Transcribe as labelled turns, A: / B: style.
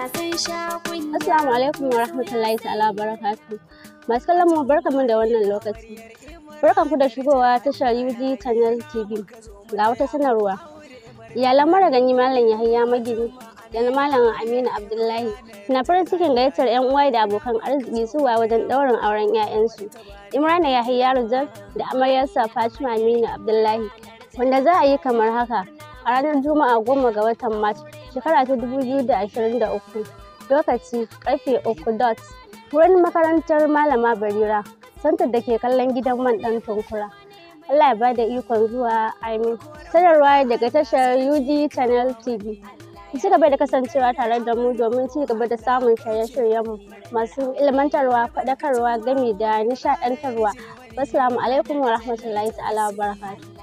A: Assalamu
B: alaikum wa rahmatullahi ta'ala barakatu. Masu kallon mu barkamu da wannan lokaci. Barkan ku da shigowa tashar UG Channel TV. Ga wata sanarwa. Iyalan mara maraganyi Malam Yahaya Magini da Malam Aminu Abdullahi na farin cikin gayyatar yan uwa da abokan arziki zuwa wajen ɗaurin auren 'ya'yansu. Imrana Yahaya Rizal da amaryarsa Fatima Aminu Abdullahi wanda za a yi kamar haka a ranar Juma'a goma ga watan Maris shekara ta uku, lokaci karfe 3 dot wurin makarantar malama barira santar da ke kallon gidan man ɗan tunkura Allah ya ba da ikon zuwa amin sanarwa daga tashar UG Channel TV ku ci gaba da kasancewa tare da mu domin ci gaba da samun shirye mu masu ilmantarwa faɗakarwa gami da nishaɗantarwa wasu alaikum wa rahmatullahi ta'ala wa barakatuh